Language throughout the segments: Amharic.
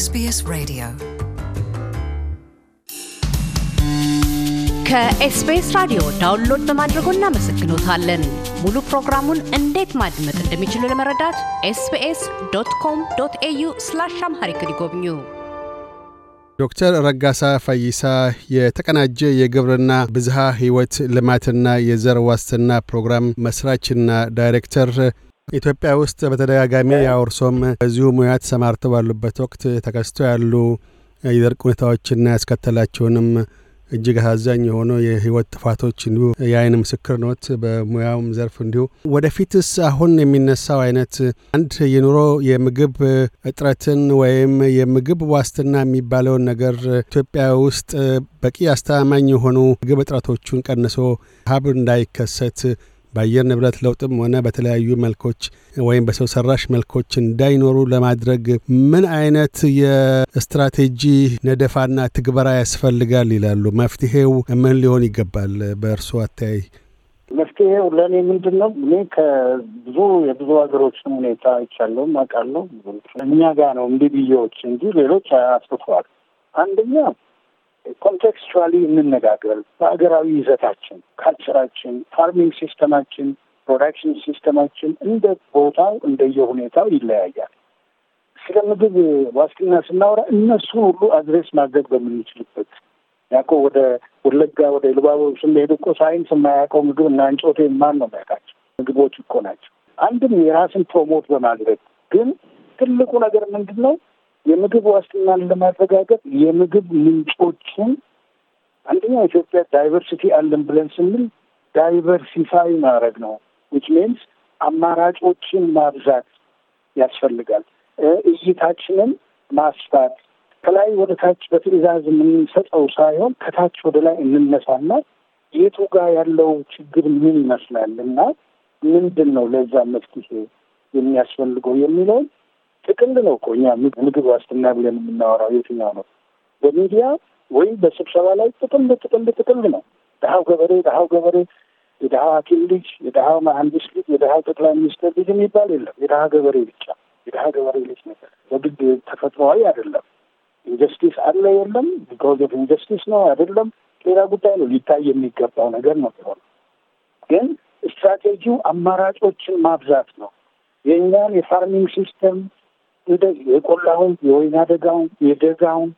ኤስቢኤስ ሬዲዮ ከኤስቢኤስ ራዲዮ ዳውንሎድ በማድረጎ እናመሰግኖታለን። ሙሉ ፕሮግራሙን እንዴት ማድመጥ እንደሚችሉ ለመረዳት ኤስቢኤስ ዶት ኮም ዶት ኤዩ ስላሽ አምሃሪክ ይጎብኙ። ዶክተር ረጋሳ ፈይሳ የተቀናጀ የግብርና ብዝሃ ህይወት ልማትና የዘር ዋስትና ፕሮግራም መስራችና ዳይሬክተር ኢትዮጵያ ውስጥ በተደጋጋሚ ያወርሶም በዚሁ ሙያ ተሰማርተው ባሉበት ወቅት ተከስቶ ያሉ የድርቅ ሁኔታዎችና ያስከተላቸውንም እጅግ አሳዛኝ የሆኑ የህይወት ጥፋቶች እንዲሁ የአይን ምስክር ኖት። በሙያውም ዘርፍ እንዲሁ ወደፊትስ አሁን የሚነሳው አይነት አንድ የኑሮ የምግብ እጥረትን ወይም የምግብ ዋስትና የሚባለውን ነገር ኢትዮጵያ ውስጥ በቂ አስተማማኝ የሆኑ ምግብ እጥረቶቹን ቀንሶ ሀብ እንዳይከሰት በአየር ንብረት ለውጥም ሆነ በተለያዩ መልኮች ወይም በሰው ሰራሽ መልኮች እንዳይኖሩ ለማድረግ ምን አይነት የስትራቴጂ ነደፋና ትግበራ ያስፈልጋል ይላሉ? መፍትሄው ምን ሊሆን ይገባል በእርሶ አታይ መፍትሄው ለእኔ ምንድን ነው? እኔ ከብዙ የብዙ ሀገሮችን ሁኔታ አይቻለሁ፣ አውቃለሁ። እኛ ጋር ነው እምቢ ብዬዎች እንጂ ሌሎች አስፍተዋል። አንደኛ ኮንቴክስቹዋሊ እንነጋገር። በሀገራዊ ይዘታችን፣ ካልቸራችን፣ ፋርሚንግ ሲስተማችን፣ ፕሮዳክሽን ሲስተማችን እንደ ቦታው እንደየሁኔታው ይለያያል። ስለ ምግብ ዋስትና ስናወራ እነሱን ሁሉ አድሬስ ማድረግ በምንችልበት ያቆ ወደ ወለጋ ወደ ልባቦ ስንሄድ እኮ ሳይንስ የማያውቀው ምግብ እና እንጮቴ ማን ነው የሚያውቃቸው? ምግቦች እኮ ናቸው። አንድም የራስን ፕሮሞት በማድረግ ግን ትልቁ ነገር ምንድን ነው? የምግብ ዋስትናን ለማረጋገጥ የምግብ ምንጮችን አንደኛ ኢትዮጵያ ዳይቨርሲቲ አለን ብለን ስንል ዳይቨርሲፋይ ማድረግ ነው። ዊች ሚንስ አማራጮችን ማብዛት ያስፈልጋል። እይታችንን ማስፋት ከላይ ወደ ታች በትዕዛዝ የምንሰጠው ሳይሆን ከታች ወደ ላይ እንነሳና የቱ ጋር ያለው ችግር ምን ይመስላል እና ምንድን ነው ለዛ መፍትሄ የሚያስፈልገው የሚለውን ጥቅል ነው እኮ እኛ ምግብ ዋስትና ብለን የምናወራው የትኛው ነው? በሚዲያ ወይም በስብሰባ ላይ ጥቅል ጥቅል ጥቅል ነው። ድሀው ገበሬ ድሀው ገበሬ የድሀው ሐኪም ልጅ የድሀው መሀንዲስ ልጅ የድሀው ጠቅላይ ሚኒስትር ልጅ የሚባል የለም። የድሀ ገበሬ ብቻ የድሀ ገበሬ ልጅ ነገር በግድ ተፈጥሯዊ አይደለም። ኢንጀስቲስ አለ የለም፣ ቢኮዝ ኦፍ ኢንጀስቲስ ነው አይደለም፣ ሌላ ጉዳይ ነው። ሊታይ የሚገባው ነገር ነው ሆነ ግን ስትራቴጂው አማራጮችን ማብዛት ነው። የእኛን የፋርሚንግ ሲስተም የቆላውን የወይና ደጋውን የደጋውን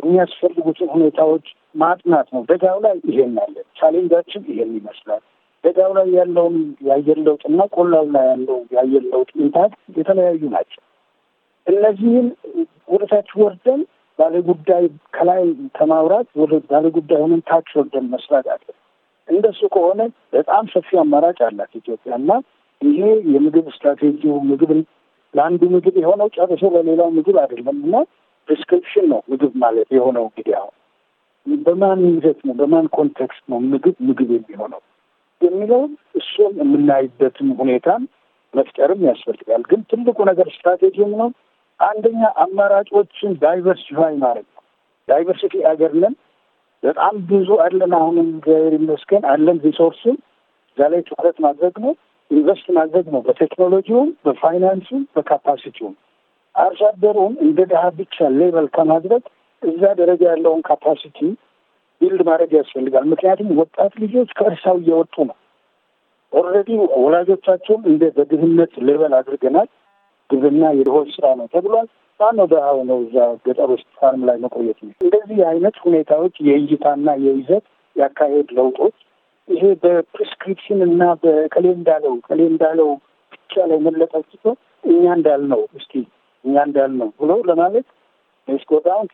የሚያስፈልጉትን ሁኔታዎች ማጥናት ነው። ደጋው ላይ ይሄን አለ። ቻሌንጃችን ይሄን ይመስላል። ደጋው ላይ ያለውን የአየር ለውጥና ቆላው ላይ ያለው የአየር ለውጥ ኢምፓክት የተለያዩ ናቸው። እነዚህን ወደታች ወርደን ባለጉዳይ ከላይ ከማውራት ወደ ባለጉዳይ ሆነን ታች ወርደን መስራት አለ። እንደሱ ከሆነ በጣም ሰፊ አማራጭ አላት ኢትዮጵያና ይሄ የምግብ ስትራቴጂው ምግብን ለአንዱ ምግብ የሆነው ጨርሶ ለሌላው ምግብ አይደለም እና ፕሪስክሪፕሽን ነው ምግብ ማለት የሆነው እንግዲህ አሁን በማን ይዘት ነው በማን ኮንቴክስት ነው ምግብ ምግብ የሚሆነው የሚለውን እሱም የምናይበትም ሁኔታን መፍጠርም ያስፈልጋል። ግን ትልቁ ነገር ስትራቴጂም ነው። አንደኛ አማራጮችን ዳይቨርሲፋይ ማድረግ ነው። ዳይቨርሲቲ አገር ነን፣ በጣም ብዙ አለን። አሁንም እግዚአብሔር ይመስገን አለን ሪሶርስም፣ እዛ ላይ ትኩረት ማድረግ ነው። ኢንቨስት ማድረግ ነው። በቴክኖሎጂውም፣ በፋይናንሱም፣ በካፓሲቲውም አርሶ አደሩን እንደ ድሀ ብቻ ሌበል ከማድረግ እዛ ደረጃ ያለውን ካፓሲቲ ቢልድ ማድረግ ያስፈልጋል። ምክንያቱም ወጣት ልጆች ከእርሻው እየወጡ ነው። ኦልሬዲ ወላጆቻቸውም እንደ በድህነት ሌበል አድርገናል፣ ግብርና የድሆች ስራ ነው ተብሏል። ማነው ድሀ ነው እዛ ገጠር ውስጥ ፋርም ላይ መቆየት ነው። እንደዚህ አይነት ሁኔታዎች የእይታና የይዘት የአካሄድ ለውጦች ይሄ በፕሪስክሪፕሽን እና በከሌ እንዳለው ከሌ እንዳለው ብቻ ላይ መለጠፍ ትቶ እኛ እንዳልነው እስቲ እኛ እንዳልነው ብሎ ለማለት ስጎ ዳውን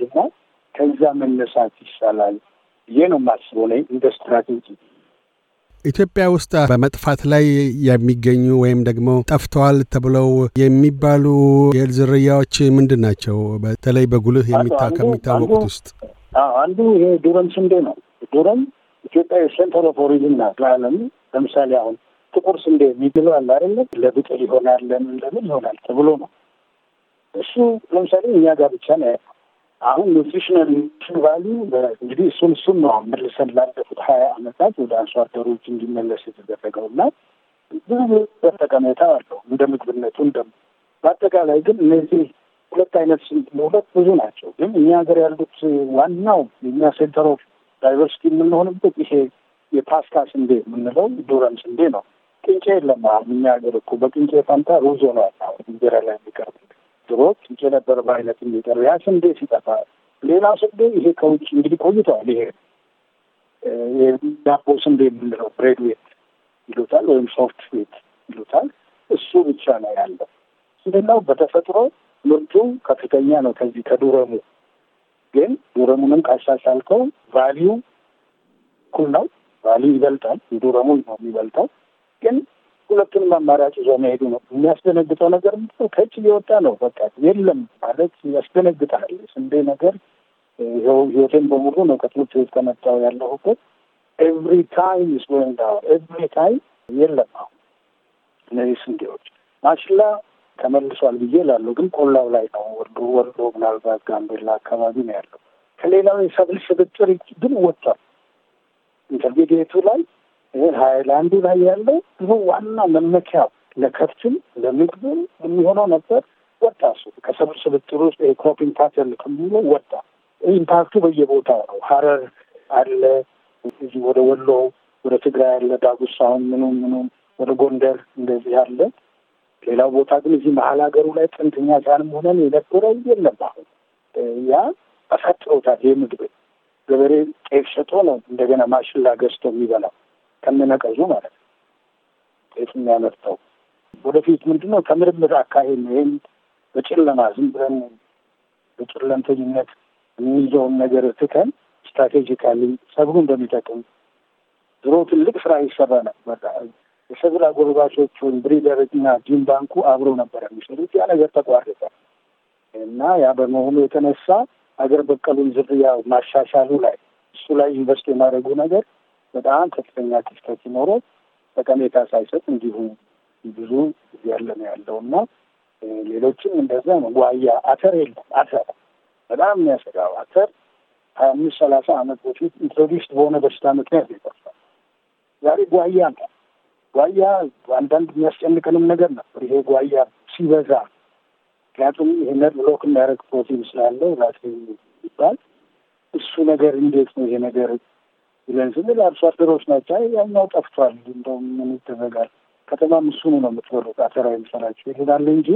ቱ እና ከዛ መነሳት ይሻላል ብዬ ነው የማስበው ነ እንደ ስትራቴጂ። ኢትዮጵያ ውስጥ በመጥፋት ላይ የሚገኙ ወይም ደግሞ ጠፍተዋል ተብለው የሚባሉ የእህል ዝርያዎች ምንድን ናቸው? በተለይ በጉልህ ከሚታወቁት ውስጥ አንዱ ይሄ ዱረም ስንዴ ነው። ዱረም ኢትዮጵያ ሴንተር ኦፍ ኦሪጅን ናት ለዓለም። ለምሳሌ አሁን ጥቁር ስንዴ የሚባለው አለ አይደለም፣ ለብቅል ይሆናል ለምን ለምን ይሆናል ተብሎ ነው። እሱ ለምሳሌ እኛ ጋር ብቻ ነው። አሁን ኒትሪሽናል ቫሉ እንግዲህ እሱን እሱን ነው መልሰን ላለፉት ሀያ ዓመታት ወደ አርሶ አደሮች እንዲመለስ የተደረገው እና ብዙ ጠቀሜታ አለው እንደ ምግብነቱ እንደ በአጠቃላይ ግን እነዚህ ሁለት አይነት ሁለት ብዙ ናቸው። ግን እኛ ሀገር ያሉት ዋናው የኛ ሴንተር ኦፍ ዳይቨርሲቲ የምንሆንበት ይሄ የፓስካ ስንዴ የምንለው ዱረም ስንዴ ነው። ቅንጨ የለም። እኛ ሀገር እኮ በቅንጬ ፋንታ ሩዝ ሆኗል። እንጀራ ላይ የሚቀርብ ድሮ ቅንጨ ነበር በአይነት የሚቀርብ ያ ስንዴ ሲጠፋ ሌላ ስንዴ ይሄ ከውጭ እንግዲህ ቆይተዋል። ይሄ ዳቦ ስንዴ የምንለው ብሬድ ዌት ይሉታል ወይም ሶፍት ዌት ይሉታል። እሱ ብቻ ነው ያለው። ስንዴናው በተፈጥሮ ምርቱ ከፍተኛ ነው ከዚህ ከዱረሙ ግን ዱረሙንም ካሻሻልከው ቫሊዩ እኩል ነው። ቫሊዩ ይበልጣል፣ የዱረሙ ነው የሚበልጠው። ግን ሁለቱንም አማራጭ ይዞ መሄዱ ነው የሚያስደነግጠው ነገር ምንድነው? ከእጅ ሊወጣ ነው በቃ የለም ማለት ያስደነግጣል። ስንዴ ነገር ይኸው ህይወቴን በሙሉ ነው ከትምህርት ቤት ከመጣሁ ያለሁበት ኤቭሪ ታይም ስሎይንግ ዳውን ኤቭሪ ታይም የለም። አሁን እነዚህ ስንዴዎች ማሽላ ተመልሷል ብዬ ላለው ግን ቆላው ላይ ነው ወሎ ምናልባት ጋምቤላ አካባቢ ነው ያለው። ከሌላው የሰብል ስብጥር ግን ወጥቷል። ኢንተርሜዲየቱ ላይ ሀይላንዱ ላይ ያለው ብዙ ዋና መመኪያው ለከብትም ለምግብም የሚሆነው ነበር ወጣ። እሱ ከሰብል ስብጥር ውስጥ የክሮፕ ኢምፓክት ከሚሉ ወጣ። ኢምፓክቱ በየቦታው ነው። ሀረር አለ፣ እዚህ ወደ ወሎ ወደ ትግራይ ያለ ዳጉሳሁን ምኑም ምኑም ወደ ጎንደር እንደዚህ አለ ሌላው ቦታ ግን እዚህ መሀል ሀገሩ ላይ ጥንትኛ ሳንም ሆነን የነበረው የለም። አሁን ያ አሳጥሮታል። ይህ ምግብ ገበሬ ጤፍ ሸጦ ነው እንደገና ማሽላ ገዝቶ የሚበላው ከምነቀዙ ማለት ነው። ጤፍ የሚያመርተው ወደፊት ምንድን ነው ከምርምር አካሄድ ነው። ይህም በጨለማ ዝም ብለን በጨለምተኝነት የሚይዘውን ነገር ትተን ስትራቴጂካሊ ሰብሉ እንደሚጠቅም ድሮ ትልቅ ስራ ይሰራ ነበር። የሸግላ ጎልባሾቹን ብሪደር እና ጂም ባንኩ አብረው ነበር የሚሰሩት። ያ ነገር ተቋረጠ እና ያ በመሆኑ የተነሳ ሀገር በቀሉን ዝርያ ማሻሻሉ ላይ እሱ ላይ ኢንቨስት የማድረጉ ነገር በጣም ከፍተኛ ክፍተት ሲኖረው ጠቀሜታ ሳይሰጥ እንዲሁ ብዙ ያለ ነው ያለው እና ሌሎችም እንደዛ ነው። ዋያ አተር የለም። አተር በጣም የሚያሰጋው አተር ሀያ አምስት ሰላሳ አመት በፊት ኢንትሮዲውስድ በሆነ በሽታ ምክንያት ይጠፋል። ዛሬ ጓያ ነው ጓያ አንዳንድ የሚያስጨንቀንም ነገር ነበር። ይሄ ጓያ ሲበዛ ምክንያቱም ይህነት ብሎክ የሚያደርግ ፕሮቲን ስላለው ራሴ ይባል እሱ ነገር እንዴት ነው ይሄ ነገር ብለን ስንል አርሶ አደሮች ናቸው ያኛው ጠፍቷል፣ እንደውም ምን ይደረጋል ከተማም እሱኑ ነው የምትበሉት አተራ የሚሰራቸው ይሄዳለ እንጂ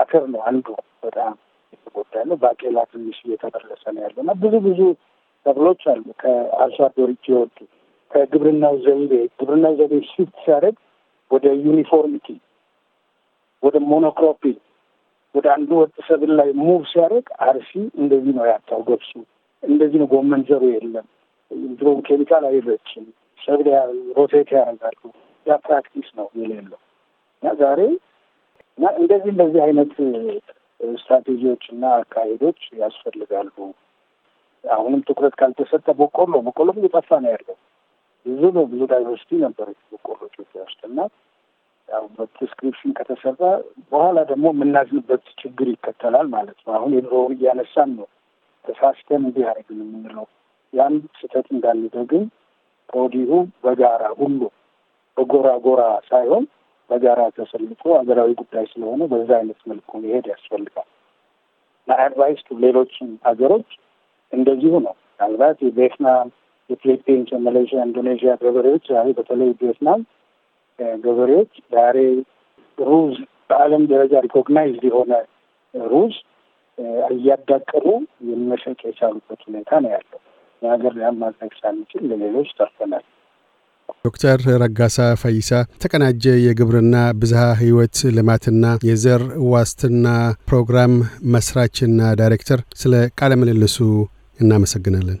አተር ነው አንዱ በጣም የተጎዳ ያለው። ባቄላ ትንሽ እየተመለሰ ነው ያለው እና ብዙ ብዙ ተብሎች አሉ ከአርሶ አደሮች የወጡት ከግብርናው ዘይቤ ግብርናው ዘይቤ ሽፍት ሲያደርግ ወደ ዩኒፎርሚቲ፣ ወደ ሞኖክሮፒ፣ ወደ አንዱ ወጥ ሰብል ላይ ሙቭ ሲያደርግ አርሲ እንደዚህ ነው ያጣው። ገብሱ እንደዚህ ነው። ጎመን ዘሩ የለም። ድሮ ኬሚካል አይረችም። ሰብል ሮቴት ያደርጋሉ። ያ ፕራክቲስ ነው የሌለው እና ዛሬ እና እንደዚህ እንደዚህ አይነት ስትራቴጂዎች እና አካሄዶች ያስፈልጋሉ። አሁንም ትኩረት ካልተሰጠ በቆሎ በቆሎም እየጠፋ ነው ያለው። ብዙ በብዙ ዳይቨርሲቲ ነበር በቆሎ ኢትዮጵያ ውስጥ እና ያው በፕሪስክሪፕሽን ከተሰራ በኋላ ደግሞ የምናዝንበት ችግር ይከተላል ማለት ነው። አሁን የድሮውን እያነሳን ነው። ተሳስተን እንዲህ አድርግን የምንለው ያን ስህተት እንዳንደግም ከወዲሁ በጋራ ሁሉ በጎራ ጎራ ሳይሆን በጋራ ተሰልፎ ሀገራዊ ጉዳይ ስለሆነ በዛ አይነት መልኩ መሄድ ያስፈልጋል እና አድቫይስ ሌሎችም ሀገሮች እንደዚሁ ነው። ምናልባት የቬትናም የፊሊፒንስ፣ የማሌዥያ፣ ኢንዶኔዥያ ገበሬዎች ዛሬ በተለይ ቪየትናም ገበሬዎች ዛሬ ሩዝ በዓለም ደረጃ ሪኮግናይዝድ የሆነ ሩዝ እያዳቀሉ የመሸጥ የቻሉበት ሁኔታ ነው ያለው። የሀገር ላይ ማድረግ ሳንችል ለሌሎች ተርፈናል። ዶክተር ረጋሳ ፈይሳ ተቀናጀ የግብርና ብዝሃ ህይወት ልማትና የዘር ዋስትና ፕሮግራም መስራችና ዳይሬክተር፣ ስለ ቃለ ምልልሱ እናመሰግናለን።